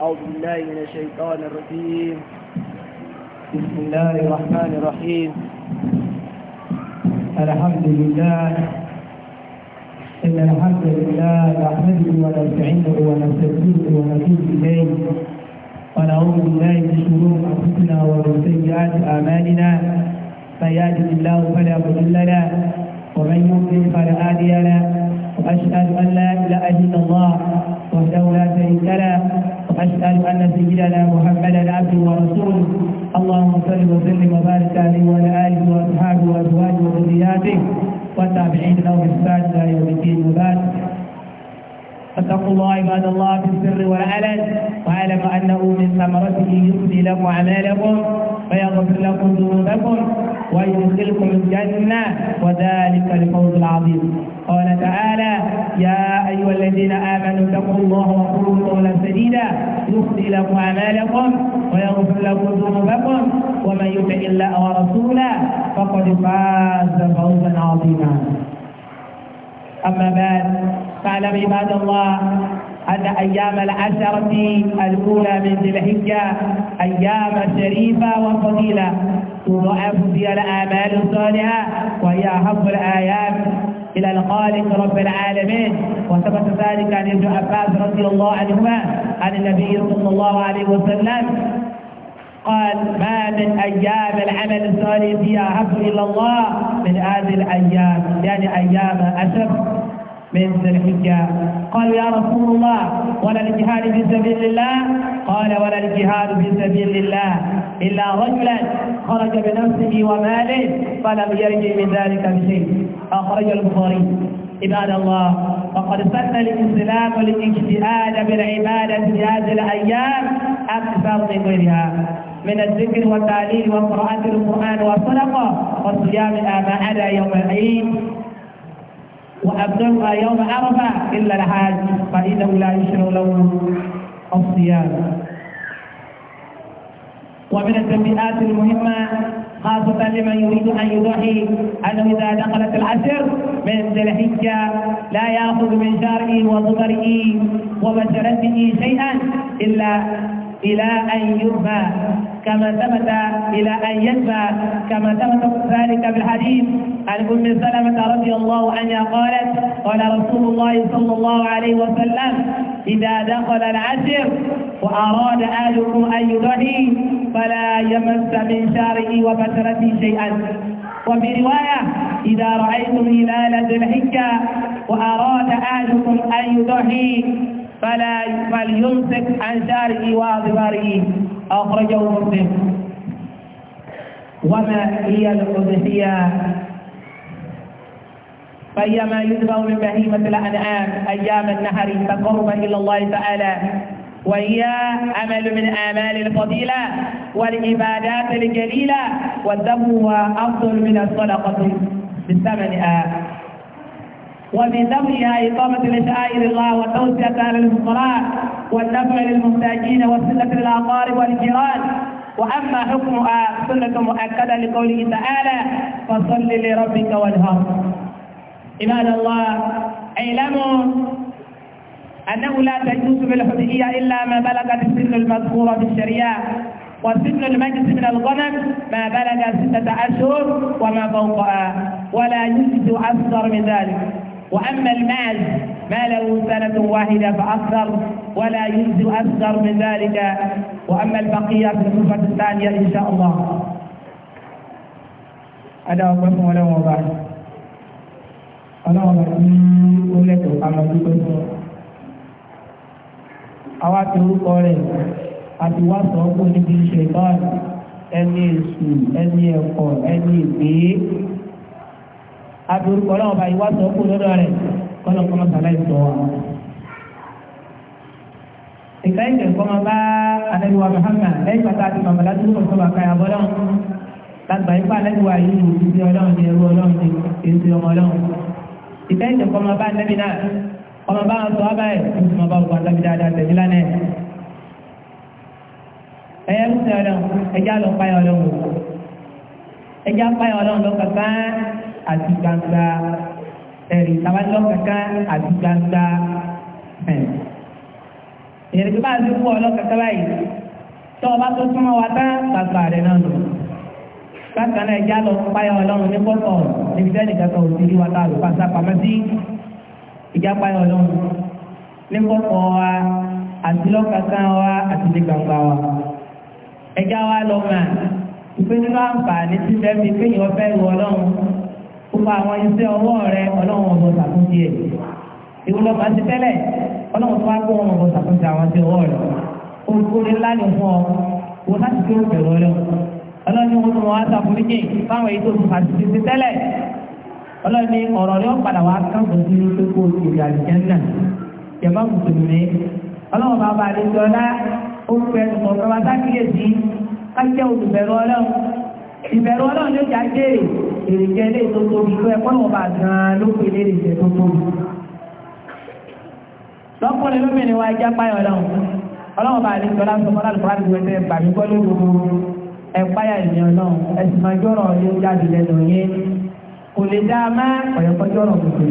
أعوذ بالله من الشيطان الرجيم بسم الله الرحمن الرحيم الحمد لله إن الحمد لله نحمده ونستعينه ونستغفره ونتوب إليه ونعوذ بالله من شرور أنفسنا ومن سيئات أعمالنا من يهده الله فلا مضل له ومن يضلل فلا هادي له وأشهد أن لا إله إلا الله وحده لا شريك له أسأل أن سيدنا محمدا عبده ورسوله اللهم صل وسلم وبارك عليه وعلى آله وأصحابه وأزواجه وذرياته والتابعين لهم بإحسان إلى يوم الدين وبعد فاتقوا الله عباد الله في السر والعلن واعلموا انه من ثمرته يصلي لكم اعمالكم فيغفر لكم ذنوبكم ويدخلكم الجنه وذلك الفوز العظيم قال تعالى يا ايها الذين امنوا اتقوا الله وقولوا قولا سديدا يخطئ لكم اعمالكم ويغفر لكم ذنوبكم ومن يطع الله ورسوله فقد فاز فوزا عظيما اما بعد فاعلم عباد الله أن أيام العشرة الأولى من ذي الحجة أيام شريفة وفضيلة تضعف فيها الأعمال الصالحة وهي أحب الآيات إلى الخالق رب العالمين وثبت ذلك عن ابن عباس رضي الله عنهما عن النبي صلى الله عليه وسلم قال ما من أيام العمل الصالح فيها أحب إلى الله من هذه الأيام يعني أيام أسف من ذي الحجة قالوا يا رسول الله ولا الجهاد في سبيل الله قال ولا الجهاد في سبيل الله إلا رجلا خرج بنفسه وماله فلم يرجع من ذلك بشيء أخرج البخاري عباد الله وقد سن الإسلام الاجتهاد بالعبادة في هذه الأيام أكثر من غيرها من الذكر والتعليل وقراءة القرآن والصدقة والصيام عدا يوم العيد وأبدلها يوم عرفة إلا الحاج فإنه لا يشرع له الصيام ومن التنبيهات المهمة خاصة لمن يريد أن يضحي أنه إذا دخلت العشر من ذي الحجة لا يأخذ من شعره وظفره وبشرته شيئا إلا إلى أن يرفع كما ثبت إلى أن يدفع كما ثبت ذلك بالحديث عن أم سلمة رضي الله عنها قالت قال رسول الله صلى الله عليه وسلم إذا دخل العشر وأراد أهلكم أن يضحي فلا يمس من شعره وبشرته شيئا وفي رواية إذا رأيتم هلال ذي الحجة وأراد أهلكم أن يضحي فلا فليمسك عن شاره وأظفاره أخرجه مسلم وما هي القدسية فهي ما يذبح من بهيمة الأنعام أيام النهر تقربا إلى الله تعالى وهي عمل من آمال الفضيلة والعبادات الجليلة والذبح أفضل من الصدقة بثمنها آه. وبذويها إقامة لشعائر الله والتوسعة على الفقراء والنفع للمحتاجين والصلة للأقارب والجيران وأما حكمها آه، سنة مؤكدة لقوله تعالى فصل لربك وانهر عباد الله اعلموا أنه لا تجوز بالحدية إلا ما بلغت السن المذكورة في الشريعة وسن المجلس من الغنم ما بلغ ستة أشهر وما فوقها ولا يجوز أكثر من ذلك وأما المال ما له سنة واحدة فأكثر ولا يجزي أكثر من ذلك وأما البقية في الصفة الثانية إن شاء الله أدعو بكم ولا وضع ọlọ́run ní orílẹ̀-èdè ọ̀pámọ́ dúpẹ́ fún ọ. àwa ti orúkọ rẹ̀ àti wá sọ ọ́ pé níbi ìṣẹ̀dá ẹni èṣù ẹni ẹ̀kọ́ ẹni ìgbé aburukọ ọlọ́wọ́ bá yìí wá sọ kú lọ́dọ̀ rẹ̀ kọ́nà kọ́mọ sàlàyé sọ wa. ìka ẹ̀jẹ̀ kọ́mọ bá alẹ́wà Muhammad lẹ́yìn pàtó àti màmá láti wọ́n sọ bàbá yà bọ́lọ́ lágbà yìí pa alẹ́wà yìí wò ti ọlọ́run ní ẹrú ọlọ́run ní èsì ọmọ ọlọ́run. ìka ẹ̀jẹ̀ kọ́mọ bá nẹ́bí náà kọ́mọ bá sọ wá báyìí àti gbangba ẹ̀rí tabalọ́ kankan àti gbangba ìrìn tó bá ti kú ọlọ́kankan báyìí tó o bá tó súnmọ́ wa tán gbàgbà rẹ̀ náà lò bákan náà ìjà lọ páyà ọlọ́run ní pọ́tọ̀ níbi tẹ́lẹ̀ kankan ò sí rí wa tá a lò pàṣẹ pamọ́ sí ìjà páyà ọlọ́run ní pọ́tọ̀ wa àti lọ́kankan wa àti ní gbangba wa ẹja wa lọ́ọ̀mà ìpinnu náà ń fà ní sísẹ́mi pé ìwọ́fẹ́ ìwọ ọlọ́run gbogbo àwọn iṣẹ́ ọwọ́ rẹ ọlọ́run ọ̀bọ̀ ṣàkóso ẹ̀ ìwúlọ́ bá ti tẹ́lẹ̀ ọlọ́run tó wá kó wọn ọ̀bọ̀ ṣàkóso àwọn iṣẹ́ ọwọ́ rẹ olùkóni ńlá ni fún ọ wò láti tó bẹ̀rù ọlọ́ ọlọ́ni wọn tó wọn á ṣàforíjì fáwọn èyí tó ti fàṣìṣe ti tẹ́lẹ̀ ọlọ́ni ọ̀rọ̀ rẹ padà wá káàbọ̀ sí pé kó ìrìn àjẹjẹ náà yàrá mùsùlùmí ọlọ́run bá bá a lè sọ ọlá ó fẹ́ sọ̀rọ̀ bá sákìyèsí ká jẹ́ olùbẹ̀rù ọlọ́run ìbẹ̀rù ọlọ́run ló jà jèrè èrè jẹ́ ilé tó tóbi tó ẹ̀kọ́ náà bá gan-an ló pe ilé ìjẹ́ tó tóbi. lọ́kùnrin lómìnir wa ẹja páyọ̀ ọlọ́run ọlọ́run bá lè sọlá sọmọ láti fọ́nrán ìwé tẹ́ gbà mí gbọ́ lóru ẹ̀páyà ìyẹn ọlọ́run ẹ̀sìn máa jọ̀rọ̀ yóò jáde lẹ́nu yẹn kò lè dá a má ọ̀yọ̀kọ́ jọ̀rọ̀ kòkòrò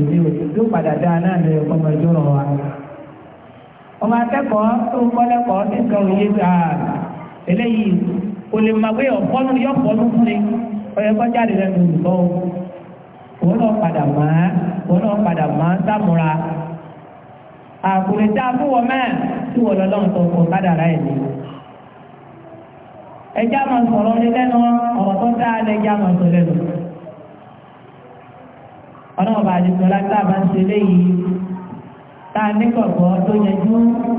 ìdí ọyẹ kọ́ jáde lẹ́nu olùkọ́ òun náà padà mọ́ òun náà padà mọ́ sámúra àkùrẹ́ tá a fún wọn mẹ́ẹ̀ tí wọ́n lọ́lọ́run tó kọ́ kádàrá ẹ̀ ní. ẹja máa sọ̀rọ̀ ní lẹ́nu ọ̀rọ̀ tó dáa lẹ́jà máa sọ lẹ́nu. ọlọ́run bá àdìsọ lágbá máa ń ṣe léyìí tá a nígbàgbọ́ tó yẹjú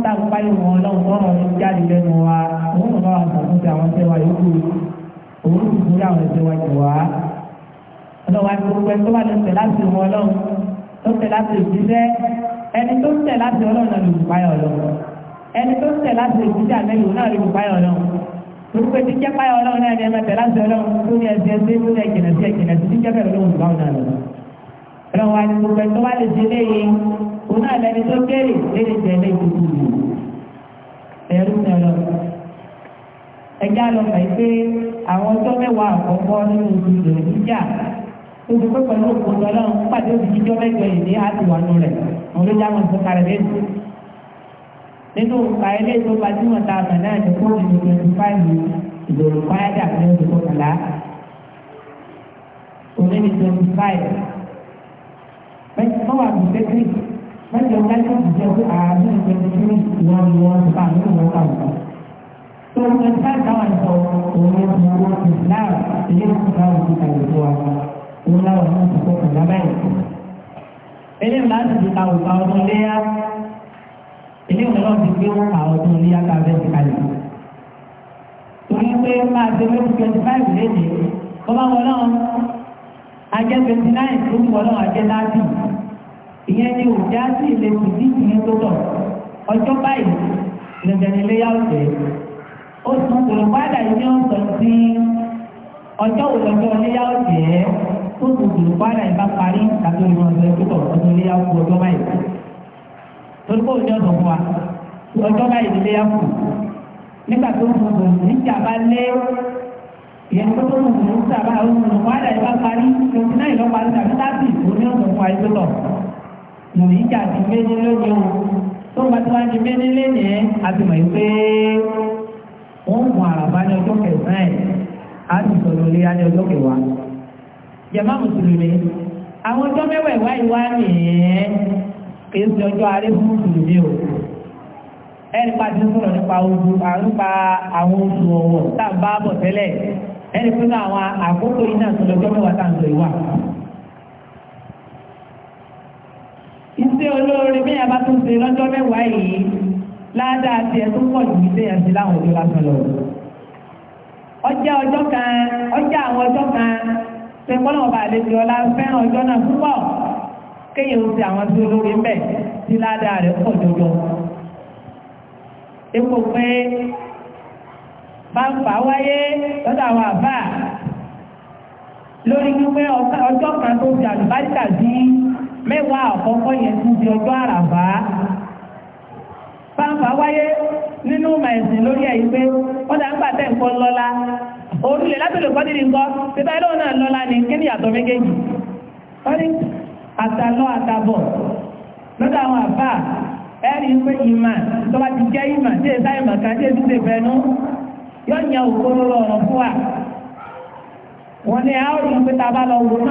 tá a ń pariwo ọlọ́run tó rọrùn jáde lẹ́nu wa òun náà wà sọ̀rọ̀ sí àwọn tẹ́wàá yòókù òun ti fún àwọn ẹgbẹ́ wa jù wá. ọlọ́wà ni gbogbo ẹni tó bá lè tẹ̀ láti ọmọ ọlọ́run tó tẹ̀ láti ìdílé ẹni tó tẹ̀ láti ọlọ́run náà lè bùkún ayọ̀ ọlọ́run ẹni tó tẹ̀ láti ìdílé àmẹ́lò náà lè bùkún ayọ̀ ọlọ́run gbogbo ẹni jẹ́ páyọ̀ ọlọ́run náà ni ẹ máa tẹ̀ láti ọlọ́run tó ní ẹsẹ̀ ẹsẹ̀ tó ní ẹ̀kẹ̀nẹ̀ sí ẹ̀kẹ̀nẹ̀ sí jíjẹ́ bẹ̀rẹ̀ lóhùn báwọn náà lọ. ọlọ́wà ni gbogbo ẹni tó bá lè ṣe léyìí òun náà lẹni tó kéré léde tẹ̀ lé gbogbo ìlú ẹ̀rú náà lọ. ẹjá lọ fà yí pé àwọn ọjọ́ mẹ́wàá àkọ́kọ́ nínú oṣù ìdòwújà oṣù pé pẹ̀lú òkú ọlọ́run pàdé òṣìṣẹ́ mẹ́jọ ìdí àtiwánu rẹ̀ òun ló dáhùn fún kárẹ̀ lẹ́nu. nínú òǹkà ilé tó gbajúmọ̀ ta àmà náà ní kóòtù ní twenty five ìdòwú fáyàdà ní oṣù kọkànlá òun ní twenty five mẹ́wàá àti tẹ́tírì mẹ́jọ dájú ìjẹ́ àádọ́rin twenty three ìwọ̀n ìwọ̀n ìpàdé òun kàwé tó ń gbé sáà táwọn sọ òun ló ti wọ́n ti láà ilé ìtura òkú àwùjọ àwọn òun láwọn náà ti kọ́kọ́ lábẹ́ eléyìí láti di àwùjọ ọdún léyà eléyìí lọ́wọ́ ti gbé wọn àwọn ọdún léyà ká bẹ́ẹ̀ ti kalẹ̀ torí pé máa ṣe wípé twenty five léde bọ́lá wọn náà ajẹ́ twenty nine tó ń wọ́n ni òjá sí ilé tìdí ìyẹn tó tọ̀ oṣù kùrùpádà ní ọ̀sán sí ọjọ́ òlọ́jọ́ iléyàwó jẹ́ oṣù kùrùpádà ìbá parí tàbí oṣù ọ̀sẹ̀ púpọ̀ ọdún iléyàwó kù ọjọ́ báyìí torí pé òní ọ̀sán fún wa ọjọ́ báyìí ní iléyàwó kù nígbà tó oṣù kùrùpádà bá lé ìyẹn tó oṣù kùrùpádà oṣù kùrùpádà ìbá parí twenty nine lọ́pàá tàbí thirty òní ọ̀sán fún wa ìgbésọ̀ lòyìn jà ti gbé nílé ní ti gbé wọ́n mú àràbá ní ọjọ́ kẹsàn-án ẹ̀ á sì sọ̀rọ̀ ilé á ní ọjọ́ kẹwàá. jàmá mùsùlùmí àwọn ọjọ́ mẹ́wàá ìwá ìwá nìyẹn kì í ṣe ọjọ́ aré fún mùsùlùmí o. ẹnì pa ti sọ̀rọ̀ nípa ojú àrùnpa àwọn oṣù ọ̀wọ̀ tá a bá bọ̀ tẹ́lẹ̀ ẹnì pé náà àwọn àkókò yìí náà sọ̀rọ̀ ọjọ́ mẹ́wàá tá à ń sọ ìwà. iṣẹ́ olóore bí láàdá àti tó pọ̀ jù ní sẹ́yìn láwọn ọjọ́ lásán lọ. ọjọ́ ọjọ́ kan àwọn ọjọ́ kan ṣe kọ́nà lè àlejò ọlá fẹ́ràn ọjọ́ náà púpọ̀ kéèyàn ti àwọn tí olórí ń bẹ̀ tí láàdá rẹ̀ pọ̀ jọjọ. epo pé wáyé lọ́dọ̀ àwọn àbá lórí wípé ọjọ́ kan tó fi àlùbáríkà sí fáńfà wáyé nínú mẹ̀sìn lórí ẹ̀ pé ọ dà ń gbà tẹ̀ nǹkan lọ́la òrùlé lábẹ́lẹ̀ kọ́ dídì nǹkan títà náà lọla ni kí ni yàtọ̀ méjèèjì ní àtàlọ́ àtàbọ̀ lọ́dọ̀ àwọn àbá ẹ̀rí pé ìmà tó ti jẹ́ ìmà tí èsà ìmà kan tí èsì yóò ọ̀rọ̀ fún wa ní àwọn òrùn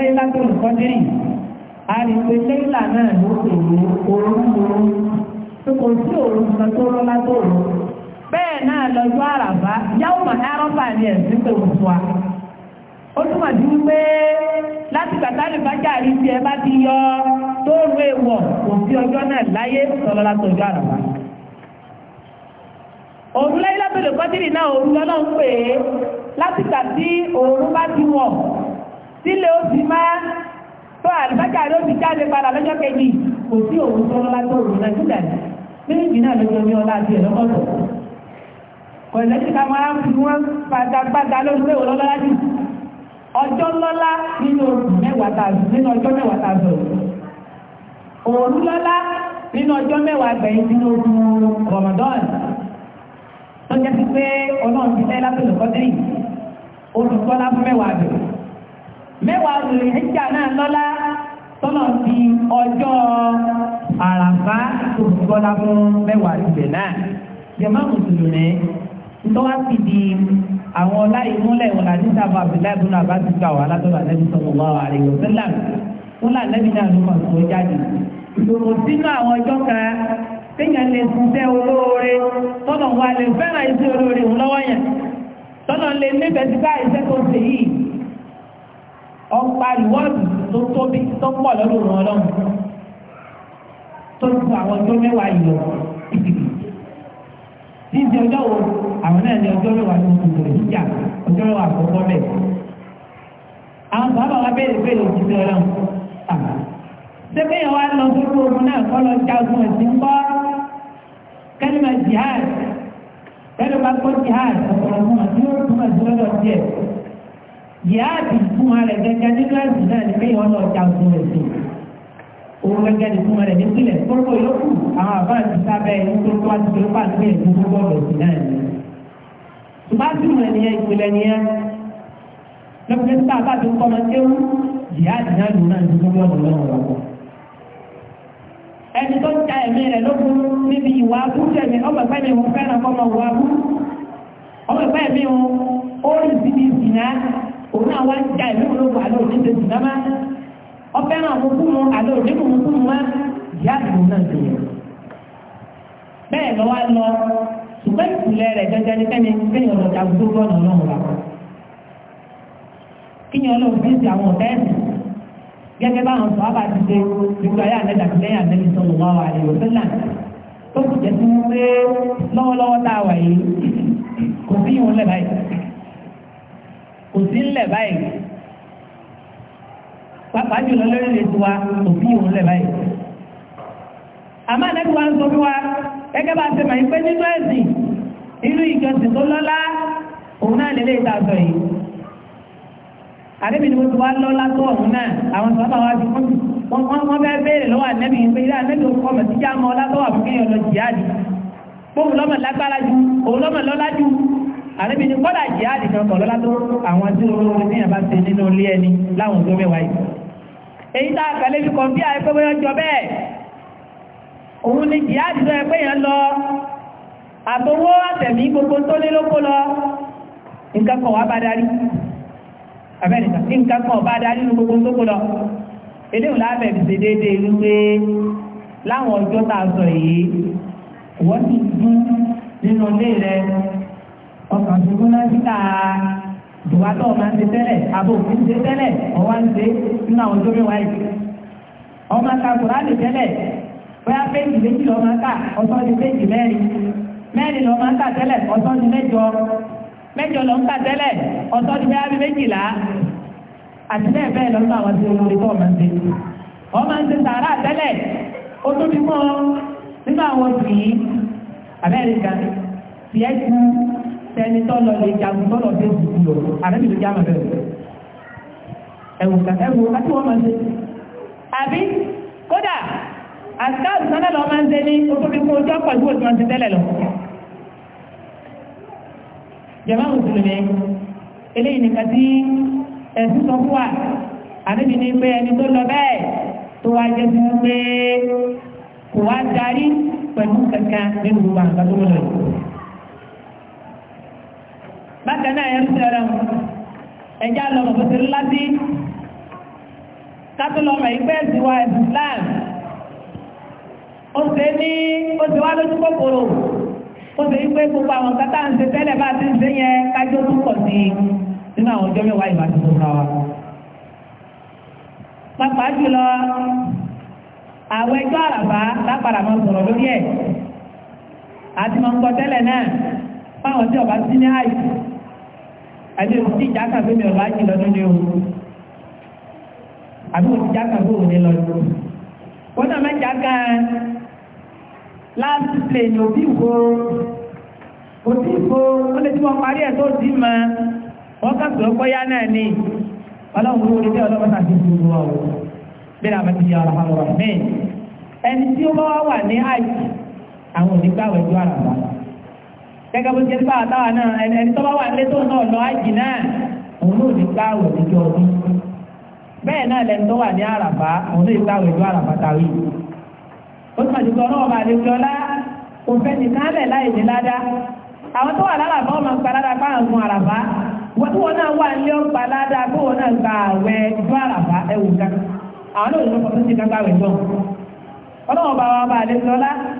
a náà a lè pe lẹ́yìnlá náà ló òru òru òru tó kò sí òru kan tó rọ́lá tó òru bẹ́ẹ̀ náà lọ́jọ́ àràbá yàwó mà árọ́bà ni ẹ̀sìn pé wò fún wa ó túmọ̀ sí wípé láti gbàtàlì bájà rí tiẹ̀ bá ti yọ tó rú èèwọ̀ kò sí ọjọ́ náà láyé sọlọ́lá tó àràbá òun lábẹ́lẹ̀ kọ́tìrì náà òun lọ́nà ń pè é látìgbà tí òun bá ti wọ̀ sílẹ̀ ó ti máa tó àlùbájá ló ti jáde padà lọ́jọ́ kejì kò sí òun tó lọ́la tó òun náà sílẹ̀ méjì náà ló jọ ní ọlá àti ẹ̀rọ kọ̀tọ̀ kọ̀lẹ́sì ká máa fi wọ́n pátápátá ló ń pè wọ́n lọ́la jù ọjọ́ lọ́la nínú mẹ́wàá tàbí nínú ọjọ́ mẹ́wàá tàbí òru lọ́la nínú ọjọ́ mẹ́wàá gbẹ̀yìn nínú ogun Ramadan tó jẹ́ sí pé ọlọ́run ti tẹ́lá pẹ̀lú kọ́tẹ́yìn olùkọ́lá fún mẹ́wàá bẹ̀rẹ̀ mẹ́wàá lòlì ìjà náà lọ́lá tọ́lọ̀ fi ọjọ́ àràfá tó gbọ́dá fún mẹ́wàá ìgbẹ́ náà jẹ̀má mùsùlùmí ntọ́wá ti di àwọn ọláyé múlẹ̀ wọn láti sábà abdullahi bin abbas gbà wà látọ̀dọ̀ ànábi sallallahu alaihi wasallam wọn là ànábi náà ló kàn tó jáde ìṣòro sínú àwọn ọjọ́ kan téèyàn lè ṣiṣẹ́ olóore tọ́lọ̀ wà lè fẹ́ràn iṣẹ́ olóore wọn lọ́wọ́ yẹn tọ́lọ̀ lè nífẹ̀ẹ́ sí bá iṣẹ́ tó ṣe yìí ọ̀pá ìwọ́dù tó tóbi tó pọ̀ lọ́dún wọn lọ́hùn tó ju àwọn ọjọ́ mẹ́wàá yìí lọ. Níbi ọjọ́ wo àwọn náà ní ọjọ́ mẹ́wàá tó kù lọ níjà ọjọ́ mẹ́wàá àkọ́kọ́ bẹ̀. Àwọn bàbá wa béèrè béèrè òjijì ọlọ́run. Sẹ́fẹ̀ yẹn wá lọ sórí ogun náà kọ́ lọ jagun ẹ̀sìn ń bọ́. Kẹ́lí ma jihad. Kẹ́lí ma kọ́ jihad ọ̀pọ̀lọpọ̀ àti yóò túmọ̀ sí lọ́dọ̀ díẹ̀ yáàbì fún ara gẹ́gẹ́ ní kíláàsì náà ní kéèyàn lọ ja ògùn rẹ̀ sí òun gẹ́gẹ́ ní fún ara ní kílẹ̀ kórópọ̀ yòókù àwọn àbá ti sábẹ́ ẹni tó tó àti tó bá nílẹ̀ tó tó bọ̀ rẹ̀ sí náà ni. tùmátìmù ẹnìyẹn ìpìlẹ̀ nìyẹn lọ́pẹ́ tí bàbá tó kọ́ máa kéwú yáàbì náà lù náà ní tó bọ̀ rẹ̀ lọ́wọ́ lọ́wọ́. ẹni tó ja ẹ̀mí rẹ̀ lókun níbi ìwà abúlé ọmọ ìfẹ́ mi wọn fẹ́ràn kọ́ òun náà wá ń ja ìlú ológun àlọ́ òní ṣe jùlọ máa ọbẹ̀ náà mú kú mu àlọ́ òní mú kú mu máa ìyá àdúgbò náà ṣe yẹn. bẹ́ẹ̀ lọ́wọ́ lọ ṣùgbọ́n ìpìlẹ̀ rẹ̀ jẹjẹ ní kẹ́ni kéèyàn lọ ja gbogbo ọ̀nà ọlọ́run wa. kíyàn lọ fi ti àwọn ọ̀tẹ́ ẹ̀sìn gẹ́gẹ́ báwọn sọ àbá ti ṣe gbogbo ayé àlẹ́ dàgbẹ́yà lẹ́yìn sọ̀rọ̀ wá wà lè kò sí ńlẹ̀ báyìí pàápàá jùlọ lórí ilé tiwa kò sí òun lẹ̀ báyìí. àmọ́ àdẹ́kùn wa ń sọ fún wa gẹ́gẹ́ bá a ṣe màá pé nínú ẹ̀sìn inú ìjọsìn tó lọ́lá òun náà lè lè ta sọ yìí. àdébìnrin mo ti wá lọ́lá tó ọ̀hún náà àwọn sábà wá fi kún wọn wọn bẹ béèrè lọ́wọ́ ànẹbí yìí pé ilé ànẹbí òkú ọmọ tíjà mọ ọlá tó wà fún kéèyàn lọ jìyà ni. bóun lọmọ lágbára ju òun lọmọ lọ́lá ju àníbi ní kọ́dà jihad kan kọ̀ lọ́lá tó àwọn tí olóore ní àbá ṣe nínú ilé ẹni láwọn tó mẹ́wàá yìí èyí tá a kàlẹ́ fi kọ̀ bí àìpẹ́ bóyá jọ bẹ́ẹ̀ òun ni jihad tó ẹ pé yẹn lọ àtowó àtẹ̀mí gbogbo tó lé lóko lọ nǹkan kan wà bá darí abẹ́rẹ́ nǹkan kan bá darí ní gbogbo tó kó lọ eléyìí lábẹ́ ìṣe déédéé wípé láwọn ọjọ́ tá a sọ yìí wọ́n ti dún nínú ilé rẹ̀ ọkàn tuntun náà ti ta dùwátọ̀ máa ń ṣe tẹ́lẹ̀ àbò òfin ṣe tẹ́lẹ̀ ọwọ́ ń ṣe nínú àwọn tó mẹ́wàá yìí ọmọ aka kùránì tẹ́lẹ̀ bóyá péjì méjì lọ́ọ́ máa kà ọ̀sán di péjì mẹ́rin mẹ́rin lọ́ọ́ máa kà tẹ́lẹ̀ ọ̀sán di mẹ́jọ mẹ́jọ lọ́ọ́ kà tẹ́lẹ̀ ọ̀sán di bóyá méjìlá àti bẹ́ẹ̀ bẹ́ẹ̀ lọ́nà àwọn tí olórí tó máa ń ṣe ọmọ ń ṣe sàárà tẹ́lẹ̀ ó tó bímọ nínú àwọn òsì yìí Amẹ́ríkà tiẹ́ ju sẹ́ni tọ́lọ lè jagun tọ́lọ dé ìdìbò lọ àrẹ́bì ló jáàmà bẹ̀rẹ̀ ẹ̀wù ká ẹ̀wù àti wọ́n máa ń ṣe. àbí kódà àtàkùn sọ́nà lọ máa ń ṣe ní otóbi kó ojú ọ̀pọ̀ ìwò tí wọ́n ti tẹ́lẹ̀ lọ. jàmá mùsùlùmí eléyìí nìkan tí ẹ̀sùn sọ fún wa àrẹ́bì ní pé ẹni tó lọ bẹ́ẹ̀ tó wá jẹ́ sí pé kò wá darí pẹ̀lú kankan nínú gbogbo àgbàdo lọ́yìn bákan náà ẹ̀rù sẹ́rẹ̀ mu ẹ̀já lọ mọ̀ pẹ̀sẹ̀ ńlá sí kátólọ́mọ̀ ìgbẹ́ ẹ̀sìn wa ẹ̀sìn Islam ó ṣe ní ó ṣe wá lójú kòkòrò ó ṣe wípé gbogbo àwọn kátà ń ṣe tẹ́lẹ̀ bá ti ń ṣe yẹn kájọ tó pọ̀ sí nínú àwọn ọjọ́ mẹ́wàá ìbá ti tó ra wa. pàápàá jùlọ àwọn ẹjọ́ àràbá lápàdà máa sọ̀rọ̀ lórí ẹ̀ àti máa ń kọ tẹ́lẹ̀ náà fáwọn tí ọba sí ní àyè àbí òun ti jáka pé mi ọba jì lọ́dún ní òun àbí òun ti jáka pé òun ní lọ́dún. wọ́n náà mẹ́jà kan láti lè ní òbí wo òbí lè tí wọ́n parí ẹ̀ tó mọ́ wọ́n náà ni ọlọ́run ló wọlé ọlọ́run náà ti gẹ́gẹ́ bó ti ń bá àtàwà náà ẹni tó bá wà lé tó náà lọ àjì náà òun ló ní gbáwò níjọ ọdún bẹ́ẹ̀ náà lẹni tó wà ní àràbá òun ló ní àràbá tàwí ó náà láì àwọn tó wà ọmọ ládá àwọn àràbá wọ́n náà wà ní ọgbà ládá kó wọn náà gba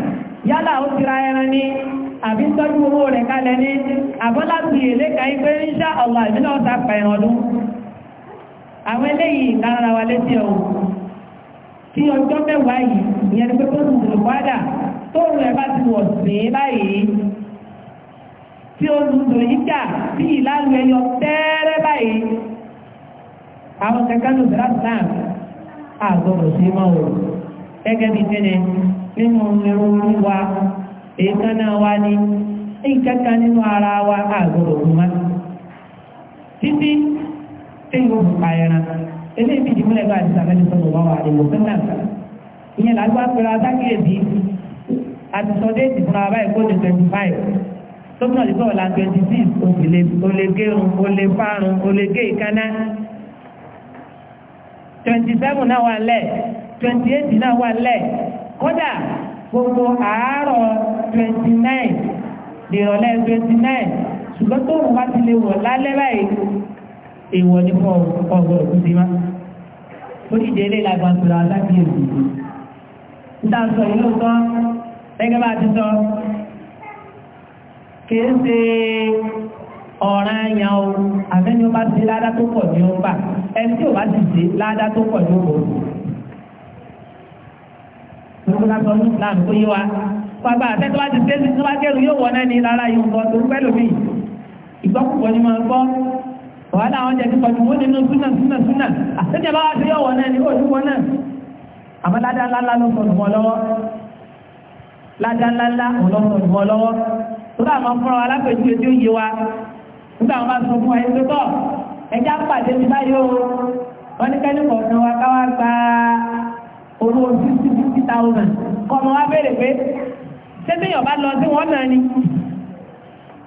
yálà ó ti ra ẹran ní àbí tọ́jú owó rẹ̀ kalẹ̀ ní àbọ́láti èlé kàí pé ń ṣá ọ̀la ìbínú ọ̀ta pẹ̀rẹ̀ ọdún àwọn eléyìí kára wa létí ọ̀hún tí ọjọ́ mẹ́wàá yìí ìyẹn ni pé tó ti dùn padà tó rùn ẹ̀ bá ti wọ̀ sí báyìí tí ó dùn dùn yíkà tí ìlànà ẹyọ tẹ́ẹ́rẹ́ báyìí àwọn kankan ló bẹ̀rẹ̀ àgbọ̀rọ̀ sí mọ́ o gẹ́gẹ́ bí tẹ́lẹ̀ nínú irun wa èékánná wa ni ìkẹ́kẹ́ nínú ara wa àgbọ̀dọ̀ òun títí tí yóò ayẹran eléyìí ti dìbò lẹ́gbàá àti sàmẹ́lì sọ̀rọ̀ wá wà lẹ́wọ̀ sẹ́nà ìyẹn àti sọdé náà báyìí kó twenty five lọ́sọ̀rọ̀ twenty six twenty seven náà wà lẹ̀ twenty eight náà kódà gbogbo àárọ̀ twenty nine ìrọ̀lẹ́ twenty nine ṣùgbọ́n tó o bá ti lè wọ̀ lálẹ́ báyìí èèwọ̀ ní fún ọgbọ̀n òkúti má ó ní ìdílé làgbàgbọ́ra láti èdè níta sọ yìí lóòótọ́ gẹ́gẹ́ bá ti sọ kìí ṣe ọ̀ràn àyàn o àfẹ́ni ó bá ti ládá tó pọ̀ ní ó ń bà ẹni tí o bá ti ṣe ládá tó pọ̀ ní ó òun ká sọ nínú ìlànà tó yé wa bàbá àtẹ́tọ́ bá ti tẹ́sí tó bá kẹ́rù yóò wọ́n náà ní lára yóò gbọ́ tó pẹ́ lómi ìgbọ́kùpọ̀ ni máa gbọ́ wàhálà àwọn jẹ́ nípa ìwọ́n nínú súnà súnà súnà àtẹ́jẹ́ bá wá sí yóò wọ́n náà ní òní wọ́n náà àmọ́ ládá ńláńlá ló sọ̀rọ̀ mọ́ lọ́wọ́ ládá ńláńlá ló sọ̀rọ̀ mọ́ lọ́wọ́ tó bá máa wa lápẹ̀júwe tí ó yé wa nígbà wọn bá sọ fún thousand kọmọ wá bèèrè pé tẹ́tẹ́ yọ̀ bá lọ sí wọ́n náà ni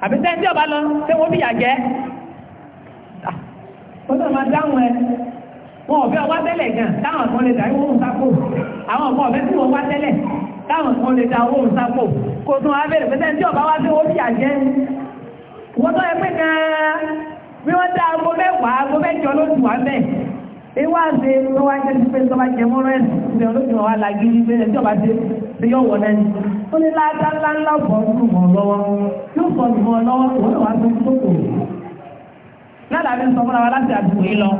àbí tẹ́tẹ́ yọ̀ bá lọ sí wọ́n bí yàgẹ́ ah, ó tọ́ ma dáhùn ẹ wọn ò fẹ́ ọwá tẹ́lẹ̀ gan táwọn kan lè dá owó ń sápò àwọn kan ọ̀fẹ́ tí wọ́n wá tẹ́lẹ̀ táwọn kan lè dá owó ń sápò kò tún wá bèèrè pé tẹ́tẹ́ yọ̀ bá wá sí wọ́n bí yàgẹ́ wọ́n tọ́ ẹ pé gan-an bí wọ́n dá aago ìwà àti tó wá jẹ́ sí pé tó bá jẹ mọ́rọ́ ẹ̀sìn ìbẹ̀ olóògùn wa làgí ní pé ẹjọ́ bá ti ṣe yọ̀ wọ̀ lẹ́nu ó ní láàdá ńláńlá ọ̀pọ̀ ọdún mọ̀ lọ́wọ́ yóò pọ̀ jù mọ́ lọ́wọ́ kò wọ́n wá tó tó kò lálàbí sọ fúnra wa láti àdúgbò yìí lọ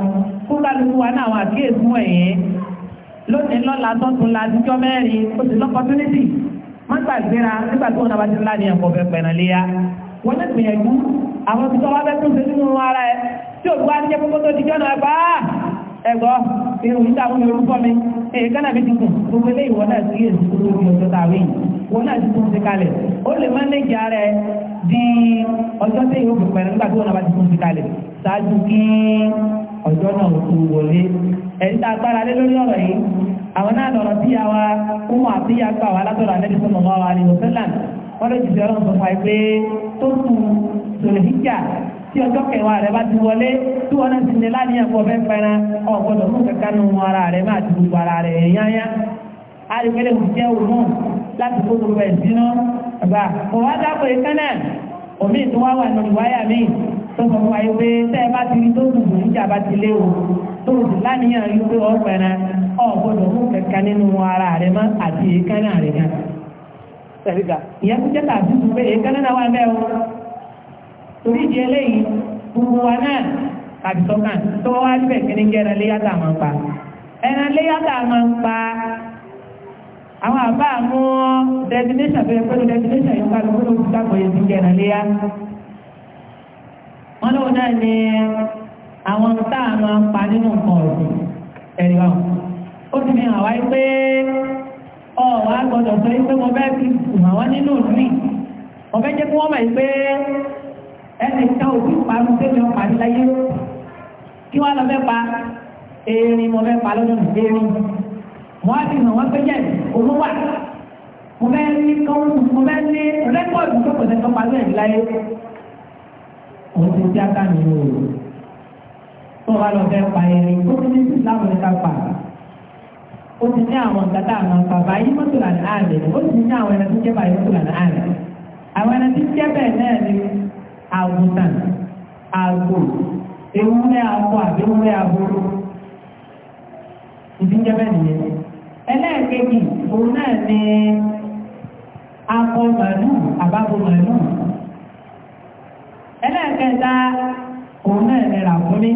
kó kálukú wa náà àwọn àkíyèsí wọ̀nyí lónìí lọ́la tọ́tún la àtijọ́ mẹ́rin ó ti lọ́pọ̀túnítì má gbàgbéra nígbà tó náà bá ti ńlá ní ẹ̀kọ́ fẹ́ pẹ̀rẹ̀ léyà wọ́n ní gbìyànjú àwọn tí wọ́n bá fẹ́ tún ṣe nínú ara ẹ̀ tí òkú wa ti jẹ́ kókó tó dijọ́ náà bá a ẹgbọ́ irú ìta fún mi orúkọ mi èyí kánà mi ti kù gbogbo ilé ìwọ náà sí èsì tó lórí ọjọ́ tàwé ìwọ náà ti tún ti kalẹ̀ ó lè má ní ìjà rẹ di ọjọ́ tí yóò fi pẹ̀lú nígbà tí wọn bá ti tún ti kalẹ̀ ṣáájú kí ọjọ́ náà tó wọlé ẹ̀yìn tá a gbára lé lórí ọ̀rọ̀ yìí àwọn náà lọ̀rọ̀ sí ya wa fún àbíyá gbà wá látọ̀rọ̀ àlẹ́ wọ́n lè jìbìrán sọ fún wa pé tó kù tòlè híjà tí ọjọ́ kẹwàá rẹ̀ bá ti wọlé tí wọ́n ti ní láníyàn fún ọbẹ̀ pẹran ọ̀gbọ́dọ̀ fún kankan nù ara rẹ̀ máa ti gbogbo ara rẹ̀ yányá alùpẹ̀lẹ̀ kò jẹ́ òun láti kó gbogbo ẹ̀ sínú ọba kò wá dápò yìí kánà omi tó wá wà nínú wáyà mi tó sọ fún pé tẹ́ ẹ bá ti rí tó dùdù níjà bá ti lé o tó o sì láníyàn rí pé ọ pẹran ọ̀gbọ́dọ̀ fún kankan nínú ara rẹ̀ má àti èékánná rẹ̀ gan. ìyẹn tó jẹ́ tàbí torí ìdí eléyìí gbogbo wa náà tàbí sọ́kàn tó wá níbẹ̀ kí ni jẹ́ ẹran léyàtà máa ń pa ẹran léyàtà máa ń pa àwọn àbá mú definition tó yẹ pẹ̀lú definition yóò kálukú ló ti dàgbò yẹn ti jẹ́ ẹran léyà wọn lóun náà ní àwọn tá a máa ń pa nínú nǹkan ọ̀sìn ẹ̀rí wa ó ti fi hàn wáyé pé ọ̀wá gbọ́dọ̀ sọ pé mo fẹ́ fi hàn wọ́n nínú ìlú mo fẹ́ jẹ́ kí wọ́n mọ̀ pé ẹnì kan ò sí parun tẹ́lẹ̀ ọ̀pá níláyé kí wọ́n lọ fẹ́ pa erin mo fẹ́ pa lọ́dún erin wọ́n á ti hàn wọ́n pé jẹ́ olúwa mo fẹ́ ní kọ́ọ̀nù mo fẹ́ ní rẹ́kọ̀dù tó kò sẹ́kọ̀ọ́ pa lọ́dún ìláyé òun ti di ata mi o tó o bá lọ fẹ́ pa erin tó ti ní ìsìláàmù ní ká pa ó ti ní àwọn nǹkan tá a máa pa báyìí mọ́tò làná àlè ó ti ní àwọn ẹni tó jẹ́ báyìí mọ́tò làná àlè àwọn ẹni tó jẹ́ bẹ́ẹ̀ náà ni àgùntàn àgbò ewúrẹ́ àgbò àbí ewúrẹ́ àbúrò ìdíjẹ́bẹ̀ nìyẹn ẹlẹ́ẹ̀kejì òun náà ni akọ màálù àbábo màálù ẹlẹ́ẹ̀kẹta òun náà ni ràkúnmí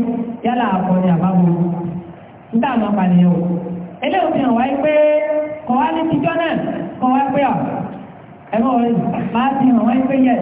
yálà akọ ni àbábo níta àwọn apànìyàn o eléyìí fi hàn wáyé pé kọ̀wá ní tíjọ́ náà kọ̀wá pé ọ̀ ẹ̀rọ rẹ̀ máa fi hàn wáyé pé yẹ̀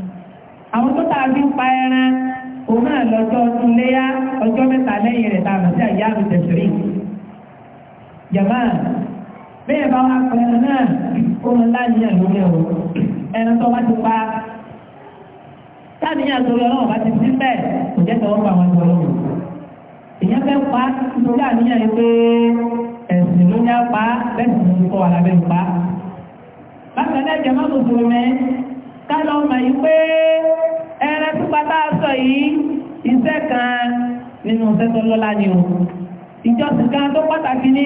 àwọn tó tàà fi ń pa ẹran òun náà lọ́jọ́ ọdún léyà ọjọ́ mẹ́ta lẹ́yìn rẹ̀ tàà sí àyà àmì tẹ̀sírì jàmá bẹ́ẹ̀ bá wà pẹ́ ẹran náà ó mọ láàyàn lórí ẹ̀rọ ẹran tó bá ti pa táàníyàn torí ọlọ́run bá ti sí bẹ́ẹ̀ kò jẹ́ tọ́wọ́ pa àwọn ẹ̀rọ ọlọ́run èèyàn fẹ́ pa nítorí àníyàn yìí pé ẹ̀sìn ló ní apá bẹ́ẹ̀ sì kọ́ alábẹ́ ìpá bákan náà jàmá mùsùlùmí ká lọ́ọ́ mọ̀ yìí pé yìí iṣẹ́ kan nínú iṣẹ́ tó lọ́lá ni o ìjọsìn kan tó pàtàkì ní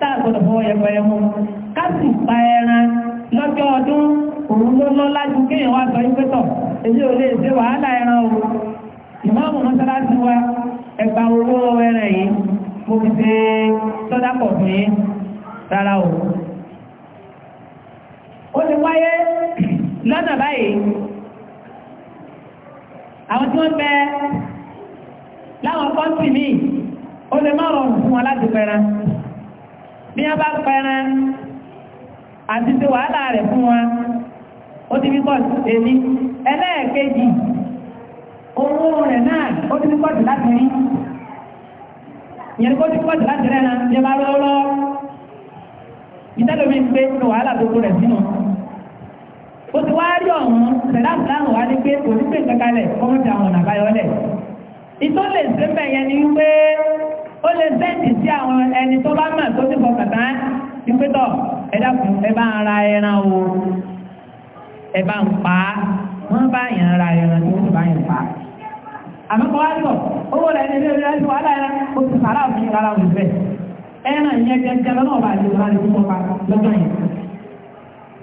táàgbọ́dọ̀ fọwọ́ yẹpẹrẹ mú ká sì pa ẹran lọ́jọ́ ọdún òun ló lọ́lá ju kéèyàn wá sọ wípé tọ̀ èyí ò lè ṣe wàhálà ẹran o ìmáàmù mọ́sálásí wa ẹgbà owó ẹran yìí mo fi ṣe sọ́dá pọ̀ fún yín rárá o ó ti wáyé lọ́nà báyìí àwọn tí wọ́n bẹ láwọn kọ́ńtì míì ó lè má rọrùn fún wọn láti pẹran bí wọ́n bá pẹran àti ṣe wàhálà rẹ̀ fún wọn ó ti fi kọ́ọ̀tù èmi ẹlẹ́ẹ̀kejì owó rẹ̀ náà ó ti fi kọ́ọ̀tù láti rí ìyẹn kó ti kọ́ọ̀tù láti rẹ̀ náà bí wọ́n bá lọ́wọ́ ìtẹ́lómi ń gbé wàhálà tó kó rẹ̀ sínú ó ti wá rí ọ̀hún sẹ̀dá sàánù wá ní pé kò ní pè kankanlẹ̀ ọmọ ti àwọn ọ̀nà àbáyọlẹ̀ ìtọ́ lè ṣe bẹ̀ yẹn ni wípé ó lè sẹ́ǹtì sí àwọn ẹni tó bá mọ̀ tó ti fọ kàtà ní pé tọ̀ ẹ dákun ẹ bá ń ra ẹran o ẹ bá ń pa á wọ́n bá yàn ra ẹran tó ti bá yàn pa á àmọ́kọ́ wá sọ owó rẹ̀ ní ilé orí ẹ̀sùn wàhálà ẹran ó ti sàrà òfin rárá òfin bẹ́ẹ̀ ẹran ìyẹn jẹ́ jẹ́ lọ́nà ọ̀bà àti ìwà àti ìwọ̀n pa lọ́jọ́ yẹn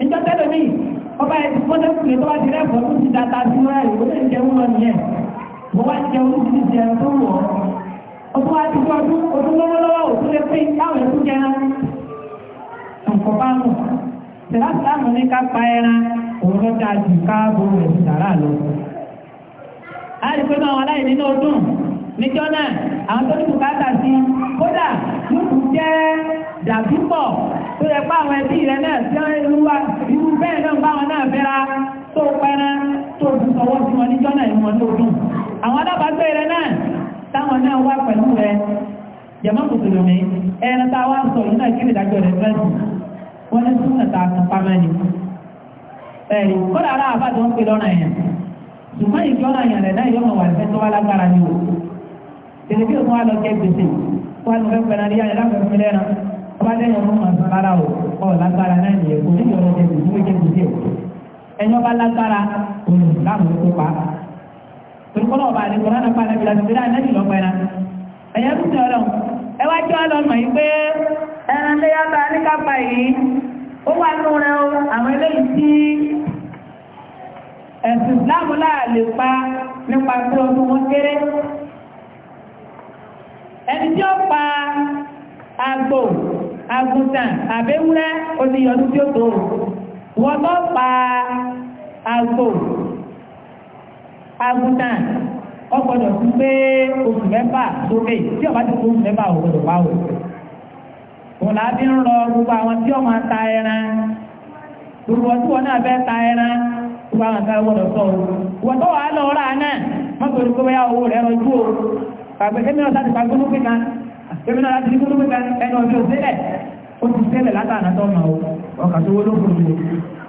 níjọ́ tẹ́lẹ̀ mi ọba ẹ̀ ti pọ́n tẹ́kùn tó bá ti rẹ̀ pọ̀ tó ti dáta sí wọ́n rẹ̀ lórí ìjẹun lọ nìyẹn mo wá jẹun ti ti jẹun tó wọ̀ ó tún wá ti tó ọdún ọdún lọ́wọ́lọ́wọ́ ò tún lè pé táwọn ẹ̀kú jẹran nǹkan bá mọ̀ tẹ̀láṣáàmù ní ká pa ẹran òun lọ́jà ju káàbọ̀ rẹ̀ sàrà lọ. a rí pé náà wọn láì nínú ọdún níjọ́ náà àwọn tó ní bùkátà sí kódà lùkù jẹ́ dàbí pọ̀ tó yẹ pé àwọn ẹbí rẹ náà sí irú bẹ́ẹ̀ náà bá wọn náà fẹ́ra tó pẹ́ran tó fi sọwọ́ sí wọn níjọ́ náà ìwọ̀n tó dùn àwọn alábàágbé rẹ náà táwọn náà wá pẹ̀lú rẹ jẹ̀mọ́ mùsùlùmí ẹran tá a wá sọ yìí náà kí ìdájọ́ rẹ̀ fẹ́ wọ́n ní súnmọ̀ tá a ni ẹ̀rí kódà aláàbá tó ń pè lọ́nà yẹn ṣùgbọ́n ìjọ́nà yẹn rẹ̀ náà yọ tẹ̀lé bí òun wà lọ jẹ́ gbèsè wà lọ fẹ́ pẹ̀lú àríyá ẹ̀dá fún lẹ́nu ọba lẹ́yìn ọmọ màá sọ rárá o ọ lágbára náà nìyẹn kò ní ìyọ̀rọ̀ jẹ́ gbèsè wọ́n jẹ́ gbèsè o ẹni ọba lágbára òun láwọn tó pa tòlùkọ́nà ọba àdìgbò náà pa àdìgbò láti sílẹ̀ àná ìlọ́pọ̀ ẹ̀rá ẹ̀yẹ́ fún ti ọlọ́run ẹ wá jẹ́ ọlọ́mọ yìí pé ẹran lé yàtọ̀ àníkàpá yìí ó wà nù rẹ o àwọn eléyìí tí ẹ̀sìn Islam láà lè pa nípa pé ọdún wọn kéré ẹni tí ó pa àgbò àgùntàn àbẹ́wúrẹ́ oníyọ̀nù tí ó tó wọ́n tó pa àgbò àgùntàn ọgbọ́dọ̀ tún pé oṣù mẹ́fà sókè tí ọba ti fún oṣù mẹ́fà ògbọ́dọ̀ pa òwe òun là á fi ń rọ gbogbo àwọn tí ọmọ ta ẹran gbogbo ọtí wọn náà fẹ́ ta ẹran gbogbo àwọn ta ẹran gbọ́dọ̀ sọ òun wọ́n tó wàá lọ rà náà mọ́tò ní kó bẹ́yà owó rẹ̀ rọjú o àgbẹ̀ sẹ́mínà láti pa gbólógbé kan sẹ́mínà láti ní gbólógbé kan ẹnu ọjọ́ sílẹ̀ ó ti sílẹ̀ látàná tó mọ̀ ọkà tó wọlé òkú lò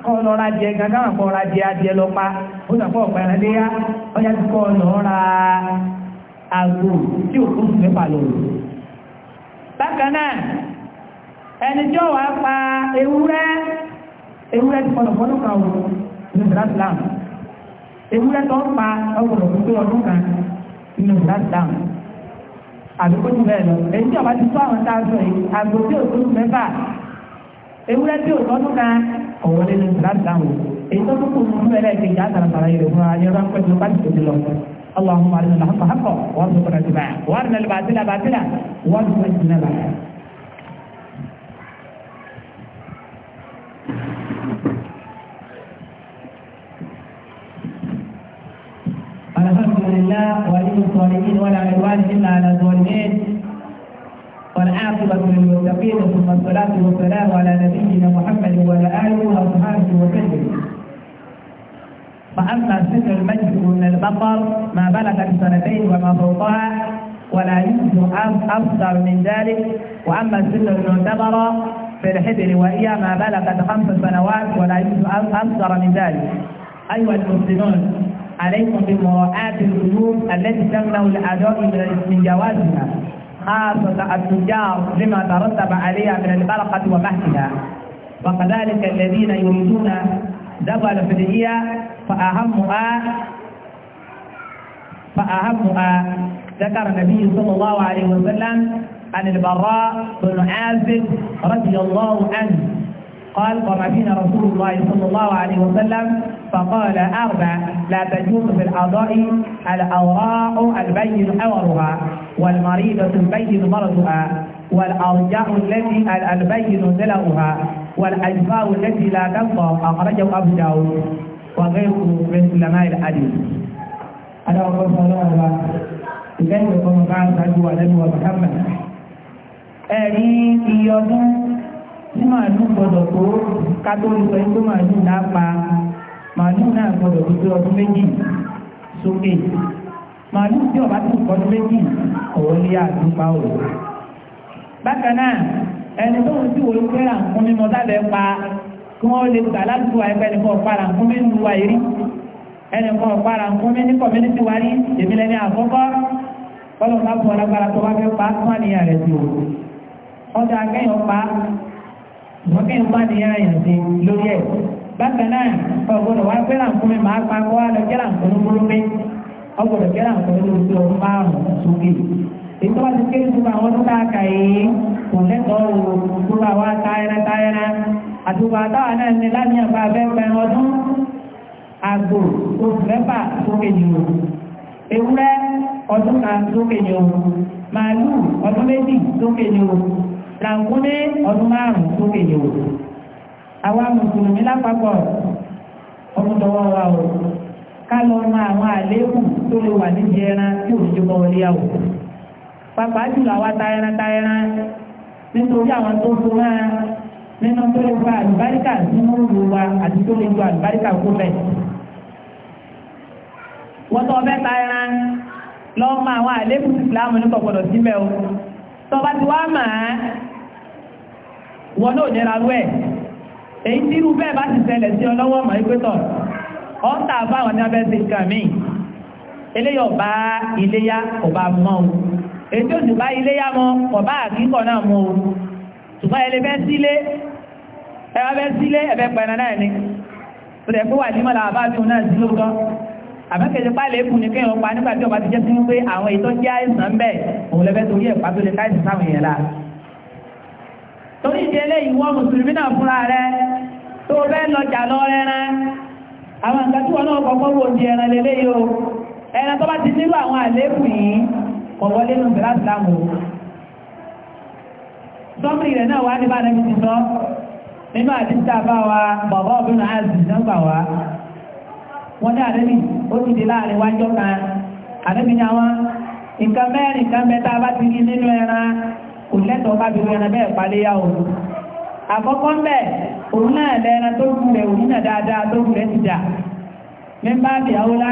kọ́ ọ lọ́ra jẹ gàgà wọn kọ́ ọ̀ra jẹ adìẹ lọ pa ó sà kọ́ ọ̀pẹ ẹ̀rẹ́dẹ́ yá ọjà ti kọ́ ọ lọ́ra àgbò tí òkú sùn mẹ́fà lọ. bákan náà ẹni tí ó wàá pa ewúrẹ́ ewúrẹ́ ti fọdọ̀ fọdọ̀ kan wò ní ìsìlámù ewúrẹ́ tó ń pa ọgbọ̀dọ̀ fún ọdún kan ní ìsìlámù àdúgbò jù bẹ́ẹ̀ lọ èyí tí ọba ti tó àwọn tá a sọ yìí àgbo tí òtún mẹ́fà ewúrẹ́ tí òtún ọdún kan ọ̀wọ́ lé lóṣù láti dáhùn èyí tó tún kù fún fún ẹlẹ́ẹ̀kejì àtàràtàrà yìí fún ayé bá ń pẹ́ tó bá ti tètè lọ. اللهم أرنا الحق حقا وارزقنا اتباعه وارنا الباطل باطلا وارزقنا اجتنابه الله ولي الصالحين ولا عدوان إلا على الظالمين والعاقبة للمتقين ثم الصلاة والسلام على نبينا محمد وعلى آله وأصحابه وسلم فأما سن المجد من البقر ما بلغت سنتين وما فوقها ولا يجد أفضل من ذلك وأما السن المعتبرة في الحبر وهي ما بلغت خمس سنوات ولا يجد أفضل من ذلك أيها المسلمون عليكم بمراعاة القيود التي تمنع الأداء من جوازها خاصة التجار لما ترتب عليها من البرقة وبحثها وكذلك الذين يريدون دفع الفدية فأهمها فأهمها ذكر النبي صلى الله عليه وسلم عن البراء بن عازب رضي الله عنه قال ضربنا رسول الله صلى الله عليه وسلم فقال أربع لا تجوز في الأعضاء الأوراء البيض أورها والمريضة البيض مرضها والأرجاء التي البيض دلؤها والأجفاء التي لا تنفع أخرجه أبو داود وغيره من علماء الحديث. أنا أقول صلى الله عليه وسلم محمد. أريد يوم tí màálù gbọdọ̀ tó kátólì sọ pé màálù náà pa màálù náà gbọdọ̀ tó tó ọdún méjì sókè màálù tí ọba ti kọ́ ọdún méjì ọ̀wọ́ lé àdúgbà o. bákan náà ẹni tó ń tí wọ́n fẹ́ ràǹkún mímọ́ sábẹ́ pa kí wọ́n lè gbà láti wà ẹgbẹ́ nìkan ọ̀pá ràǹkún mímú wa yìí ẹnì kan ọ̀pá ràǹkún mímú kọ̀mínítì wa rí èmi lẹ́ni àkọ́kọ́ ọlọ́run bá bọ̀ lágbára tó bá fẹ́ pa á tún àníyàn rẹ̀ sí o. ọjà akẹ́yìn ọ̀pá wọ́n kí n bá ní àyàn sí lórí ẹ̀ bákan náà ọgbọ́dọ̀ wá pé làǹkúmi máa pa kó wá lọ jẹ́ làǹkúmi gbólómi ọgbọ́dọ̀ jẹ́ làǹkúmi lórí tó ọdún márùn-ún sókè ètò àti kéde tó bá wọn tó bá kà yìí kò lẹ́tọ̀ọ́ o tó bá wá táyẹ̀rẹ́ táyẹ̀rẹ́ àti wà táwa náà ní láti àbá abẹ́pẹ́ ọdún àgbò oṣù sókè ni o ewúrẹ́ ọdún kan sókè ni o màálù ọdún méjì sókè ni o làǹkúndé ọdún márùn-ún tó kéde o àwa mùsùlùmí lápapọ̀ ọmọdọwọ́ wa o ká lọ mọ àwọn àléébù tó lè wà nídìí ẹran tí òjò bọ́ wọlé àwọ̀ pàápàá jùlọ àwa ta ẹran ta ẹran nítorí àwọn tó fún wa nínú tó lè fa àlùbáríkà nínú ìlú wa àti tó lè ju àlùbáríkà kó bẹ́ẹ̀. wọ́n tọ́ ọbẹ̀ ta ẹran lọ́ọ́ mọ àwọn àléébù ìsìlámù ní kọ̀kọ̀dọ̀ síbẹ̀ o tọ́ba ti wá mọ̀ ẹ́ wọn náà nira wẹ́ èyí tí irú bẹ́ẹ̀ bá ti ṣẹlẹ̀ sí ọlọ́wọ́ mọ̀ ìpẹ́tọ̀ ọ́ntà báwọn ní abẹ́ sí nǹkan míì eléyọ̀ bá iléyá kò bá mọ́ o èyí tí ó sì bá iléyá mọ́ kò bá àkíkọ̀ náà mọ́ o ṣùgbọ́n ẹlẹ́ bẹ́ sílé ẹwà bẹ́ sílé ẹ̀fẹ́ pẹ̀rẹ̀ náà ni ó dẹ̀ pé wà ní mọ́lá bá tún náà sí lóòótọ́ àbẹ́kẹ̀lẹ́ pàlẹ́ kù ní kéèyàn pa nígbà tí ọba ti jẹ́ sí wípé àwọn ètò jẹ́ àìsàn bẹ́ẹ̀ òun lẹ́fẹ́ torí ẹ̀pá tó lè torí ìdílé ìwọ mùsùlùmí náà fúnra rẹ tó bẹ́ẹ̀ lọ́jà lọ rẹ́rán àwọn nǹkan tí wọ́n náà kọ́kọ́ di ẹran lélé yìí o ẹran tó bá ti nílò àwọn àléébù yìí kọ̀wọ́ lẹ́nu ìgbàláàmù sọ́mìnì rẹ̀ náà wá ní bára mi ti sọ nínú bá wa bàbá ọ̀bìnrin wa wọ́n ní àdébì ó ti di láàrin wájọ́ kan àdébì ní àwọn nǹkan mẹ́rin nǹkan mẹ́ta bá ti nínú ẹran kò lẹ́tọ̀ọ́ bá bí ẹran bẹ́ẹ̀ paléyà o àkọ́kọ́ ńbẹ̀ òun náà lẹ́ran tó kù rẹ̀ òun náà dáadáa tó kù rẹ̀ ti dà mímbá bí àwọlá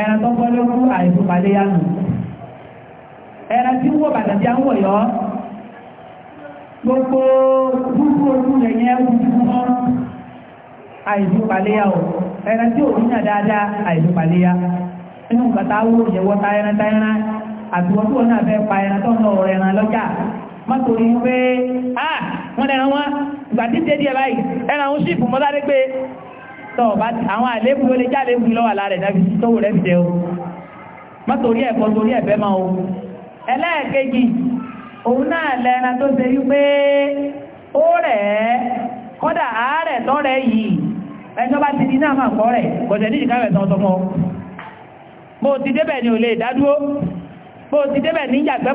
ẹran tó gbọ́dọ̀ kú àìsàn paléyà nù ẹran tí wọ́n bàtà tí a ń wọ̀ yọ gbogbo gbogbo ojú rẹ̀ yẹn wù ú mọ́ àìsàn paléyà o ẹran tí òun náà dáadáa àìsàn paléyà nínú nǹkan tá a wò yẹwọ́ ta ẹran tá ẹran àti wọ́n tó náà fẹ́ pa ẹran tó ń lọ ọ̀rọ̀ ẹran lọ́jà mọ́tò rí pé ah wọ́n ẹran wọn ìgbà tí tẹ́ díẹ̀ báyìí ẹran ń ṣìfù mọ́láré pé tọ́ àwọn àlébù ó lè já àlébù lọ́wà lára ẹ̀ dábí tó rẹ̀ fi jẹ o mọ́tò rí ẹ̀kọ́ torí ẹ̀fẹ́ máa o ẹlẹ́ẹ̀kejì òun náà lẹ́ran tó ṣe rí pé ó rẹ̀ kọ́dà àárẹ̀ tọ́rẹ̀ yìí ẹjọ́ bá ti di náà máa kọ́ rẹ̀ kọ̀tẹ̀ ní ìkáwẹ̀ tán tọmọ bó ti débẹ̀ ni ò lè dádúró ti débẹ̀ ní ìyàgbẹ́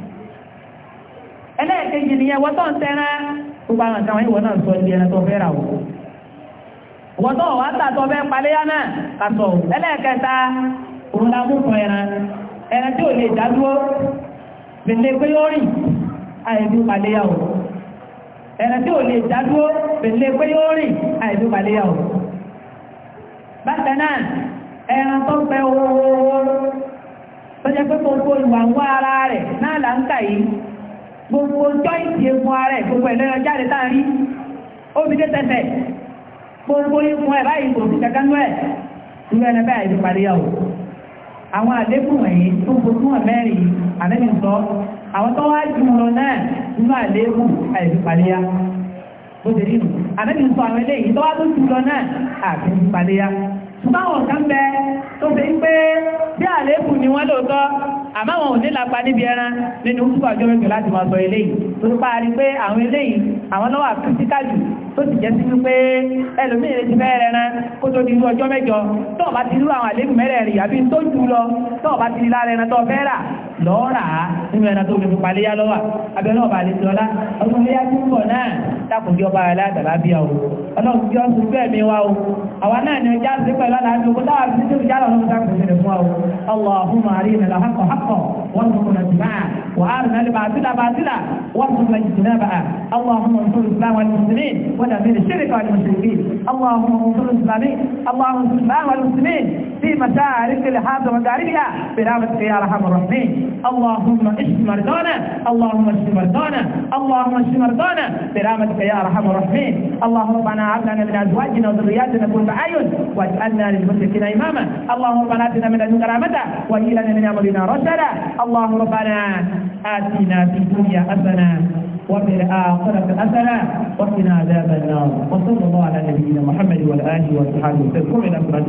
ẹlẹ́ẹ̀kejì nìyẹn wọ́n ń tẹ́rán gbogbo àwọn nǹkan wọ́n náà sọ ibi ẹran tó fẹ́ rà wọ́ wọ́n tó wọ́n tà tó fẹ́ náà kàtọ̀ ẹlẹ́ẹ̀kẹta òun la mú ẹran ẹran tí ò lè dádúró pèlè pé rìn àìdú o ẹran tí ò lè dádúró pèlè pé o bákan náà ẹran tó owó tó jẹ́ pé ìwà ń wá gbogbo ọjọ́ ìsì egun ara ẹ̀ gbogbo ẹ̀lẹ́rọ jáde táà rí omi dé tẹ́tẹ́ gbogbo egun ẹ̀ báyìí kò sí kankan nú ẹ̀ irú ẹni báyìí ti parí yàwó àwọn àlékún wọ̀nyí tó gbogbo wọn mẹ́rin àmẹ́ni sọ àwọn tó wá jù lọ náà nínú àlékún àìsí parí yá bó ti rí nù àmẹ́ni sọ àwọn eléyìí tó wá tó jù lọ náà àfihàn parí yá ṣùgbọ́n àwọn kan bẹ tó fi ń pé bí àlékún ni wọ́n lóòótọ́ àmọ́ àwọn òní lápá níbi ẹran nínú fún àjọ mẹ́jọ láti máa sọ eléyìí tó ń parí pé àwọn eléyìí àwọn lọ́wọ́ àkítíkàjù tó sì jẹ́ sí wípé ẹlòmíì lè ti fẹ́ rẹran kó tó di irú ọjọ́ mẹ́jọ tó bá ti rú àwọn àlébù mẹ́rẹ̀ẹ̀rì àbí tó jù lọ tó bá ti rí lára ẹran tó fẹ́ rà lọ́ọ̀rà nínú ẹran tó gbẹ̀fẹ̀ paléyà lọ́wà abẹ́rẹ́ ọba àlejò ọlá ọdún léyà tí ń bọ̀ náà dákun jẹ́ ọba àlá àtàlábíà o ọlọ́run jẹ́ ọdún bẹ́ẹ̀ mi wá o àwa náà ni ọjà sí pẹ̀lú aláàbí ogun táwa fi tó ìjà lọ́run sáà kò sílẹ̀ fún wa o اللهم علينا الحق حقا وارزقنا اتباعه وارنا الباطل باطلا وارزقنا اجتنابه اللهم انصر الاسلام والمسلمين ودمر الشرك والمشركين اللهم انصر الاسلامين اللهم انصر الاسلام والمسلمين في مشارق الحاضر ومغاربها برحمتك يا ارحم الراحمين اللهم اشف مرضانا اللهم اشف مرضانا اللهم اشف مرضانا برحمتك يا ارحم الراحمين اللهم ربنا اعطنا من ازواجنا وذرياتنا قرة اعين واجعلنا للمسلمين اماما اللهم ربنا اتنا من لدنك رحمة وهب من امرنا رشدا اللهم ربنا اتنا في الدنيا حسنة وفي الآخرة حسنة وقنا عذاب النار وصلى الله على نبينا محمد وآله وصحبه وسلم